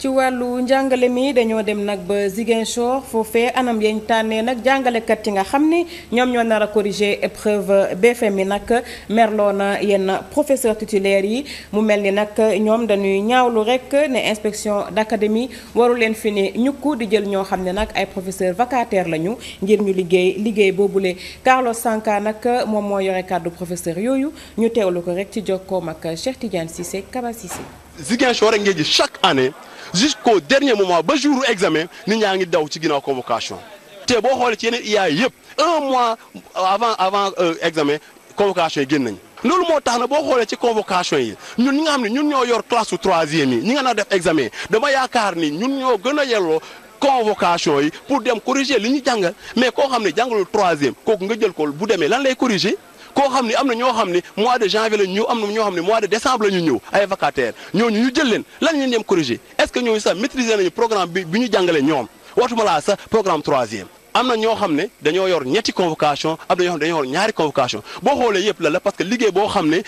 ci wàllu njàngale mi dañoo dem nag ba Ziguinchor foofee anam yañ tànnee nag jàngalekat yi nga xam ni ñoom ñoo nar a corriger épreuve BFM yi nag merloo na yenn professeur titulaire yi mu mel ni nag ñoom dañuy ñaawlu rek ne inspection d'académie waru leen fi ne ñukku di jël ñoo xam ne nag ay professeur vacataire lañu ngir ñu liggéey liggéey boobule Carlos Sanka nag moom mooy yore kàddu professeur yooyu ñu teewlu ko rek ci jokkoom ak Cheikh Tidiane Cissé Kaba Cissé. Ziguinchor rek ngay gis chaque année. jusqu'au dernier moment ba jour examen nit ñaa ngi daw ci ginnaaw convocation te boo xoolee ci yeneen IA yëpp un mois avant avant euh, examen convocation yi génn nañ loolu moo tax na boo xoolee ci convocation yi ñun ñi nga xam ne ñun ñoo yor classe su troisième yi ñi nga na def examen dama yaakaar ni ñun ñoo gën a yelloo convocation yi pour dem corriger li ñu jàng mais koo xam ne jàngalul troisième kooku nga jël ko bu demee lan lay corriger. koo xam ni am na ñoo xam ni mois de janvier la ñu ñëw am ñoo xam ni mois de décembre la ñu ñëw ay vacataires ñooñu ñu jël leen lan ñu dem corriger est-ce que ñooñu sax maîtriser nañu programme bi bi ñu ñoom waxtuma laa sax programme troisième. am na ñoo xam ne dañoo yor ñetti convocation am na ñoo xam ne dañoo yor ñaari convocation boo xoolee yëpp la la parce que liggéey boo xam ne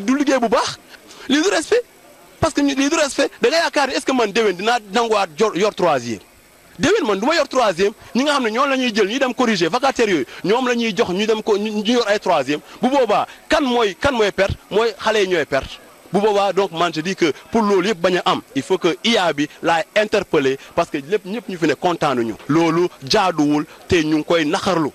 du liggéey bu baax lii du respect parce que lii du respect da nga yaakaar ni est-ce que man déwén dinaa nanguwaat yor troisième déwén man du ma yor troisième ñi nga xam ne ñoom la ñuy jël ñu dem corriger vacataires yooyu ñoom la ñuy jox ñu dem ko ñu yor ay troisième bu boobaa kan mooy kan mooy perte mooy xale yi ñooy perte. bu boobaa donc man je dis que pour loolu yëpp bañ am il faut que IA bi laay interpeller parce que lépp ñëpp ñu fi ne kontaan nañu loolu jaaduwul te ñu ngi koy naxarlu.